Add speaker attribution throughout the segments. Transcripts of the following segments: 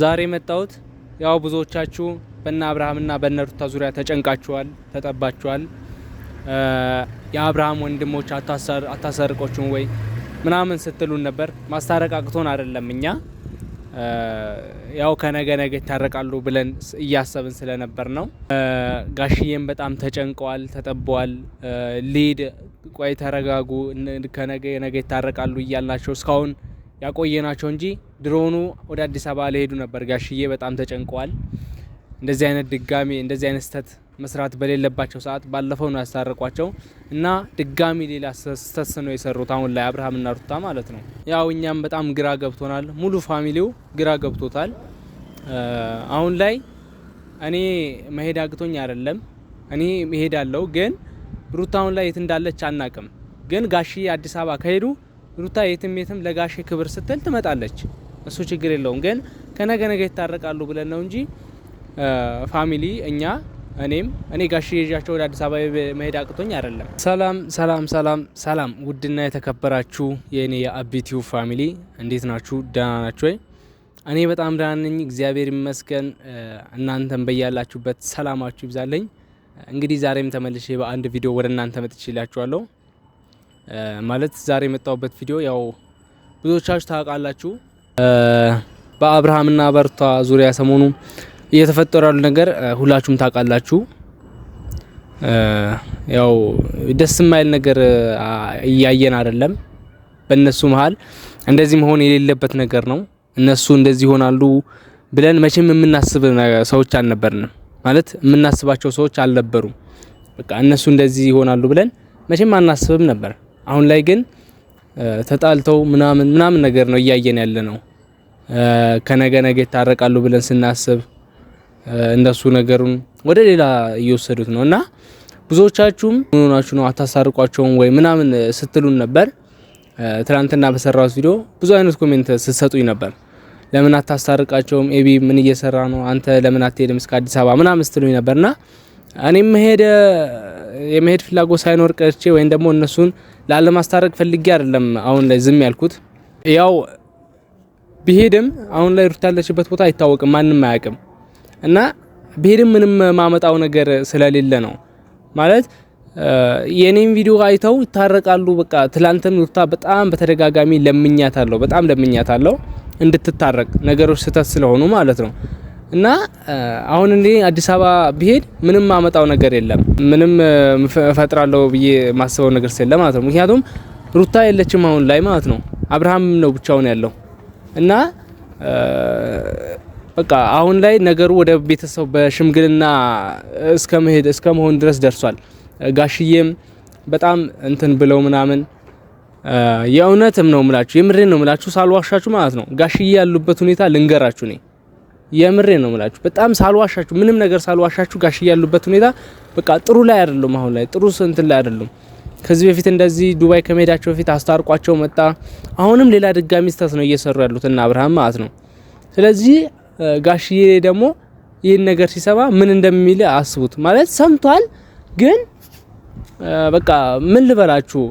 Speaker 1: ዛሬ የመጣሁት ያው ብዙዎቻችሁ በነ አብርሃምና በእነ ሩታ ዙሪያ ተጨንቃችኋል፣ ተጠባችኋል። የአብርሃም ወንድሞች አታሰርቆችሁም ወይ ምናምን ስትሉን ነበር። ማስታረቅ አቅቶን አይደለም እኛ ያው ከነገ ነገ ይታረቃሉ ብለን እያሰብን ስለነበር ነው። ጋሽዬም በጣም ተጨንቀዋል፣ ተጠበዋል። ሊድ ቆይ ተረጋጉ፣ ከነገ ነገ ይታረቃሉ እያልናቸው እስካሁን ያቆየ ናቸው እንጂ ድሮኑ ወደ አዲስ አበባ ሊሄዱ ነበር። ጋሽዬ በጣም ተጨንቀዋል። እንደዚህ አይነት ድጋሚ እንደዚህ አይነት ስህተት መስራት በሌለባቸው ሰዓት ባለፈው ነው ያስታረቋቸው እና ድጋሚ ሌላ ስህተት ነው የሰሩት አሁን ላይ አብርሃምና ሩታ ማለት ነው። ያው እኛም በጣም ግራ ገብቶናል። ሙሉ ፋሚሊው ግራ ገብቶታል። አሁን ላይ እኔ መሄድ አቅቶኝ አይደለም። እኔ እሄዳለሁ ግን ሩታ አሁን ላይ የት እንዳለች አናቅም። ግን ጋሽዬ አዲስ አበባ ከሄዱ ሩታ የትም የትም ለጋሼ ክብር ስትል ትመጣለች። እሱ ችግር የለውም። ግን ከነገ ነገ ይታረቃሉ ብለን ነው እንጂ ፋሚሊ እኛ እኔም እኔ ጋሽ ይዣቸው ወደ አዲስ አበባ መሄድ አቅቶኝ አይደለም። ሰላም ሰላም ሰላም ሰላም። ውድና የተከበራችሁ የእኔ የአቢቲዩ ፋሚሊ እንዴት ናችሁ? ደህና ናችሁ ወይ? እኔ በጣም ደህና ነኝ፣ እግዚአብሔር ይመስገን። እናንተን በያላችሁበት ሰላማችሁ ይብዛለኝ። እንግዲህ ዛሬም ተመልሼ በአንድ ቪዲዮ ወደ እናንተ መጥቼ ማለት ዛሬ የመጣውበት ቪዲዮ ያው ብዙዎቻችሁ ታውቃላችሁ በአብርሃምና በርቷ ዙሪያ ሰሞኑ እየተፈጠሩ ያሉ ነገር ሁላችሁም ታውቃላችሁ። ያው ደስ የማይል ነገር እያየን አይደለም። በእነሱ መሀል እንደዚህ መሆን የሌለበት ነገር ነው። እነሱ እንደዚህ ይሆናሉ ብለን መቼም የምናስብ ሰዎች አልነበርንም። ማለት የምናስባቸው ሰዎች አልነበሩም። በቃ እነሱ እንደዚህ ይሆናሉ ብለን መቼም አናስብም ነበር። አሁን ላይ ግን ተጣልተው ምናምን ምናምን ነገር ነው እያየን ያለ ነው። ከነገ ነገ ይታረቃሉ ብለን ስናስብ እንደሱ ነገሩን ወደ ሌላ እየወሰዱት ነው እና ብዙዎቻችሁም ምን ሆናችሁ ነው አታሳርቋቸውም ወይ ምናምን ስትሉን ነበር። ትናንትና በሰራሁት ቪዲዮ ብዙ አይነት ኮሜንት ስትሰጡኝ ነበር። ለምን አታስታርቃቸውም? ኤቢ ምን እየሰራ ነው? አንተ ለምን አትሄድም እስከ አዲስ አበባ ምናምን ስትሉኝ ነበርና እኔም መሄድ የመሄድ ፍላጎት ሳይኖር ቀርቼ ወይም ደግሞ እነሱን ላለማስታረቅ ፈልጌ አይደለም አሁን ላይ ዝም ያልኩት። ያው ብሄድም አሁን ላይ ሩታ ያለችበት ቦታ አይታወቅም፣ ማንም አያውቅም እና ብሄድም ምንም ማመጣው ነገር ስለሌለ ነው ማለት የኔም ቪዲዮ አይተው ይታረቃሉ። በቃ ትላንትም ሩታ በጣም በተደጋጋሚ ለምኛታለሁ፣ በጣም ለምኛታለሁ እንድትታረቅ ነገሮች ስህተት ስለሆኑ ማለት ነው። እና አሁን እኔ አዲስ አበባ ብሄድ ምንም ማመጣው ነገር የለም፣ ምንም ፈጥራለው ብዬ ማስበው ነገር ስለሌለ ማለት ነው። ምክንያቱም ሩታ የለችም አሁን ላይ ማለት ነው። አብርሃም ነው ብቻውን ያለው እና በቃ አሁን ላይ ነገሩ ወደ ቤተሰብ በሽምግልና እስከ መሄድ እስከ መሆን ድረስ ደርሷል። ጋሽዬም በጣም እንትን ብለው ምናምን የእውነትም ነው ምላችሁ፣ የምሬን ነው ምላችሁ፣ ሳልዋሻችሁ ማለት ነው። ጋሽዬ ያሉበት ሁኔታ ልንገራችሁ እኔ የምሬ ነው የምላችሁ። በጣም ሳልዋሻችሁ፣ ምንም ነገር ሳልዋሻችሁ ጋሽ ያሉበት ሁኔታ በቃ ጥሩ ላይ አይደለም። አሁን ላይ ጥሩ እንትን ላይ አይደለም። ከዚህ በፊት እንደዚህ ዱባይ ከመሄዳቸው በፊት አስታርቋቸው መጣ። አሁንም ሌላ ድጋሚ ስህተት ነው እየሰሩ ያሉት እና አብርሃም ማለት ነው። ስለዚህ ጋሽዬ ደግሞ ይህን ነገር ሲሰማ ምን እንደሚል አስቡት። ማለት ሰምቷል፣ ግን በቃ ምን ልበላችሁ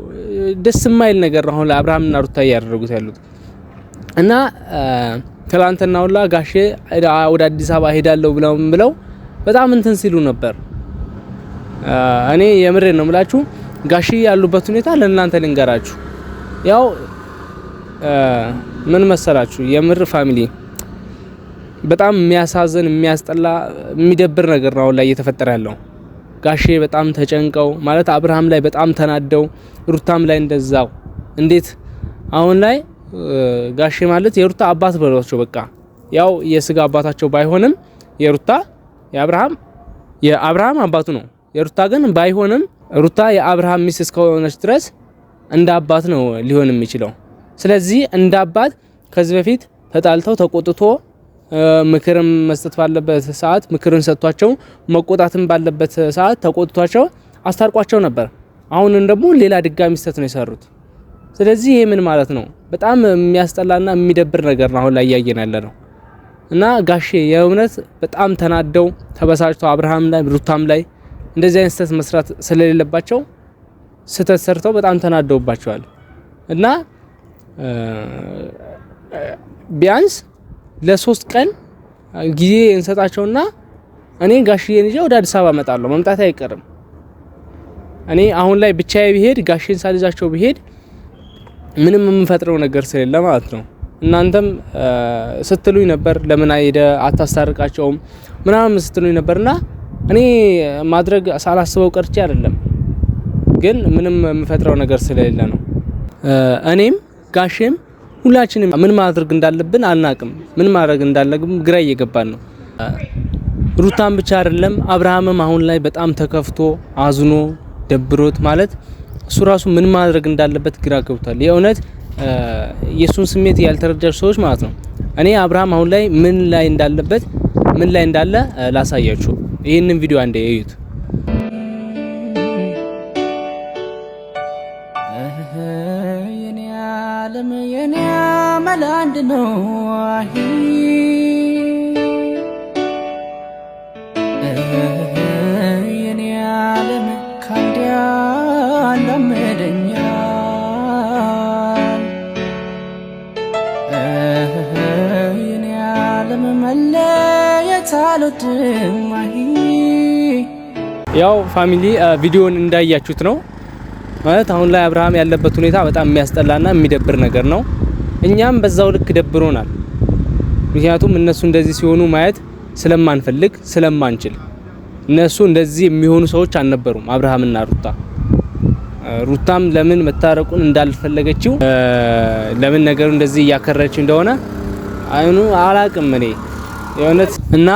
Speaker 1: ደስ የማይል ነገር አሁን እና ሩታ እያደረጉት ያሉት እና ትላንትና ሁላ ጋሼ ወደ አዲስ አበባ ሄዳለሁ ብለውም ብለው በጣም እንትን ሲሉ ነበር። እኔ የምሬ ነው የምላችሁ ጋሼ ያሉበት ሁኔታ ለእናንተ ልንገራችሁ። ያው ምን መሰላችሁ የምር ፋሚሊ በጣም የሚያሳዝን የሚያስጠላ የሚደብር ነገር ነው ላይ እየተፈጠረ ያለው። ጋሼ በጣም ተጨንቀው ማለት አብርሃም ላይ በጣም ተናደው፣ ሩታም ላይ እንደዛው። እንዴት አሁን ላይ ጋሼ ማለት የሩታ አባት በሏቸው። በቃ ያው የስጋ አባታቸው ባይሆንም የሩታ የአብርሃም የአብርሃም አባቱ ነው። የሩታ ግን ባይሆንም ሩታ የአብርሃም ሚስት እስከሆነች ድረስ እንደ አባት ነው ሊሆን የሚችለው። ስለዚህ እንደ አባት ከዚህ በፊት ተጣልተው ተቆጥቶ ምክርም መስጠት ባለበት ሰዓት ምክርን ሰጥቷቸው መቆጣትም ባለበት ሰዓት ተቆጥቷቸው አስታርቋቸው ነበር። አሁንም ደግሞ ሌላ ድጋሚ ስህተት ነው የሰሩት። ስለዚህ ይሄ ምን ማለት ነው? በጣም የሚያስጠላና የሚደብር ነገር ነው አሁን ላይ እያየን ያለ ነው። እና ጋሼ የእውነት በጣም ተናደው ተበሳጭተው አብርሃም ላይ ሩታም ላይ እንደዚህ አይነት ስህተት መስራት ስለሌለባቸው ስህተት ሰርተው በጣም ተናደውባቸዋል። እና ቢያንስ ለሶስት ቀን ጊዜ እንሰጣቸውና እኔ ጋሽዬን ይዤ ወደ አዲስ አበባ መጣለሁ። መምጣት አይቀርም። እኔ አሁን ላይ ብቻዬ ብሄድ ጋሽን ሳልዛቸው ብሄድ ምንም የምንፈጥረው ነገር ስለሌለ ማለት ነው። እናንተም ስትሉኝ ነበር ለምን አይደ አታስታርቃቸውም ምናምን ስትሉኝ ነበርና እኔ ማድረግ ሳላስበው ቀርቼ አይደለም፣ ግን ምንም የምፈጥረው ነገር ስለሌለ ነው። እኔም ጋሼም ሁላችንም ምን ማድረግ እንዳለብን አልናቅም ምን ማድረግ እንዳለብን ግራ እየገባን ነው። ሩታን ብቻ አይደለም አብርሃምም አሁን ላይ በጣም ተከፍቶ አዝኖ ደብሮት ማለት እሱ ራሱ ምን ማድረግ እንዳለበት ግራ ገብቷል። የእውነት የእሱን ስሜት ያልተረዳች ሰዎች ማለት ነው። እኔ አብርሃም አሁን ላይ ምን ላይ እንዳለበት ምን ላይ እንዳለ ላሳያችሁ። ይህንን ቪዲዮ አንዴ እዩት። የኔ አለም የኔ አመል አንድ ነው። ያው ፋሚሊ ቪዲዮን እንዳያችሁት ነው ማለት አሁን ላይ አብርሃም ያለበት ሁኔታ በጣም የሚያስጠላና የሚደብር ነገር ነው። እኛም በዛው ልክ ደብሮናል። ምክንያቱም እነሱ እንደዚህ ሲሆኑ ማየት ስለማንፈልግ ስለማንችል፣ እነሱ እንደዚህ የሚሆኑ ሰዎች አልነበሩም። አብርሃምና ሩታ ሩታም ለምን መታረቁን እንዳልፈለገችው ለምን ነገሩ እንደዚህ እያከረችው እንደሆነ አይኑ አላቅም እኔ የእውነት እና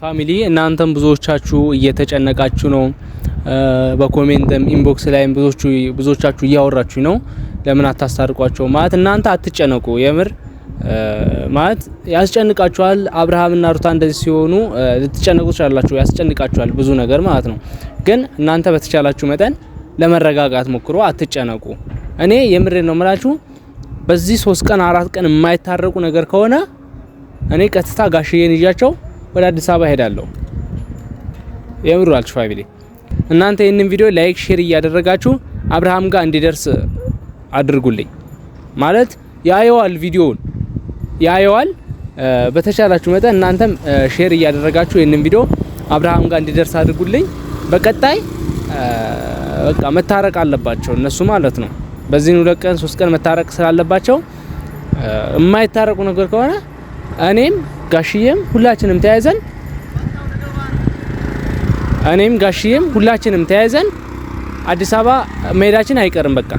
Speaker 1: ፋሚሊ እናንተም ብዙዎቻችሁ እየተጨነቃችሁ ነው። በኮሜንትም ኢንቦክስ ላይም ብዙዎቻችሁ እያወራችሁ ነው። ለምን አታስታርቋቸው ማለት እናንተ አትጨነቁ። የምር ማለት ያስጨንቃችኋል። አብርሃምና ሩታ እንደዚህ ሲሆኑ ልትጨነቁ ትችላላችሁ። ያስጨንቃችኋል ብዙ ነገር ማለት ነው። ግን እናንተ በተቻላችሁ መጠን ለመረጋጋት ሞክሮ አትጨነቁ። እኔ የምሬ ነው የምላችሁ። በዚህ ሶስት ቀን አራት ቀን የማይታረቁ ነገር ከሆነ እኔ ቀጥታ ጋሽዬን ይዣቸው ወደ አዲስ አበባ ሄዳለሁ። የምሩ አልሽ ፋሚሊ እናንተ ይህንን ቪዲዮ ላይክ፣ ሼር እያደረጋችሁ አብርሃም ጋር እንዲደርስ አድርጉልኝ። ማለት ያየዋል፣ ቪዲዮውን ያየዋል። በተቻላችሁ መጠን እናንተም ሼር እያደረጋችሁ ይህንን ቪዲዮ አብርሃም ጋር እንዲደርስ አድርጉልኝ። በቀጣይ በቃ መታረቅ አለባቸው እነሱ ማለት ነው። በዚህን ሁለት ቀን ሶስት ቀን መታረቅ ስላለባቸው የማይታረቁ ነገር ከሆነ እኔም ጋሽዬም ሁላችንም ተያይዘን እኔም ጋሽዬም ሁላችንም ተያይዘን አዲስ አበባ መሄዳችን አይቀርም። በቃ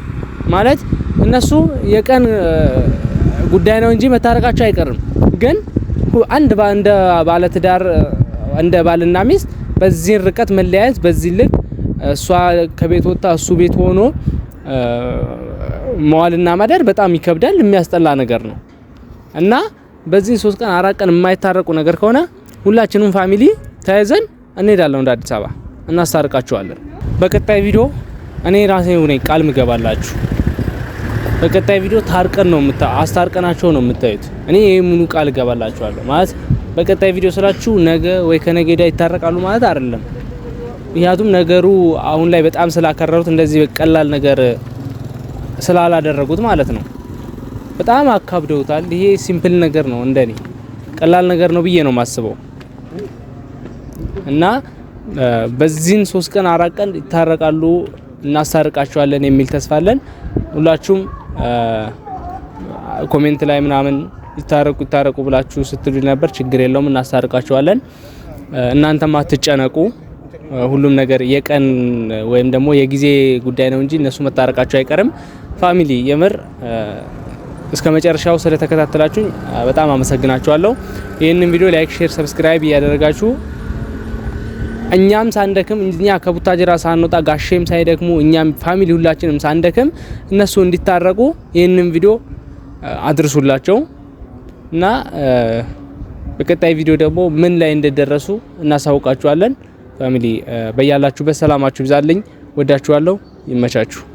Speaker 1: ማለት እነሱ የቀን ጉዳይ ነው እንጂ መታረቃቸው አይቀርም። ግን አንድ እንደ ባለትዳር እንደ ባልና ሚስት በዚህን ርቀት መለያየት በዚህ ልክ እሷ ከቤት ወጥታ እሱ ቤት ሆኖ መዋልና ማደር በጣም ይከብዳል። የሚያስጠላ ነገር ነው እና በዚህ ሶስት ቀን አራት ቀን የማይታረቁ ነገር ከሆነ ሁላችንም ፋሚሊ ተያይዘን እንሄዳለን ወደ አዲስ አበባ እናስታርቃችኋለን። በቀጣይ ቪዲዮ እኔ ራሴ ሆነ ቃል ምገባላችሁ። በቀጣይ ቪዲዮ ታርቀን ነው ምታ አስታርቀናቸው ነው የምታዩት። እኔ ይሄ ሙሉ ቃል እገባላችኋለሁ። ማለት በቀጣይ ቪዲዮ ስላችሁ ነገ ወይ ከነገ ወዲያ ይታረቃሉ ማለት አይደለም። ምክንያቱም ነገሩ አሁን ላይ በጣም ስላከረሩት እንደዚህ በቀላል ነገር ስላላደረጉት ማለት ነው። በጣም አካብደውታል። ይሄ ሲምፕል ነገር ነው፣ እንደኔ ቀላል ነገር ነው ብዬ ነው የማስበው። እና በዚህን ሶስት ቀን አራት ቀን ይታረቃሉ፣ እናስታርቃቸዋለን የሚል ተስፋ አለን። ሁላችሁም ኮሜንት ላይ ምናምን ይታረቁ ይታረቁ ብላችሁ ስትሉ ነበር። ችግር የለውም እናስታርቃቸዋለን። እናንተም አትጨነቁ። ሁሉም ነገር የቀን ወይም ደግሞ የጊዜ ጉዳይ ነው እንጂ እነሱ መታረቃቸው አይቀርም። ፋሚሊ የምር እስከ መጨረሻው ስለተከታተላችሁኝ በጣም አመሰግናችኋለሁ። ይህንን ቪዲዮ ላይክ፣ ሼር፣ ሰብስክራይብ እያደረጋችሁ እኛም ሳንደክም እኛ ከቡታጅራ ሳንወጣ ጋሼም ሳይደክሙ እኛም ፋሚሊ ሁላችንም ሳንደክም እነሱ እንዲታረቁ ይህንን ቪዲዮ አድርሱላቸው እና በቀጣይ ቪዲዮ ደግሞ ምን ላይ እንደደረሱ እናሳውቃችኋለን። ፋሚሊ በያላችሁበት ሰላማችሁ ይብዛልኝ። ወዳችኋለሁ። ይመቻችሁ።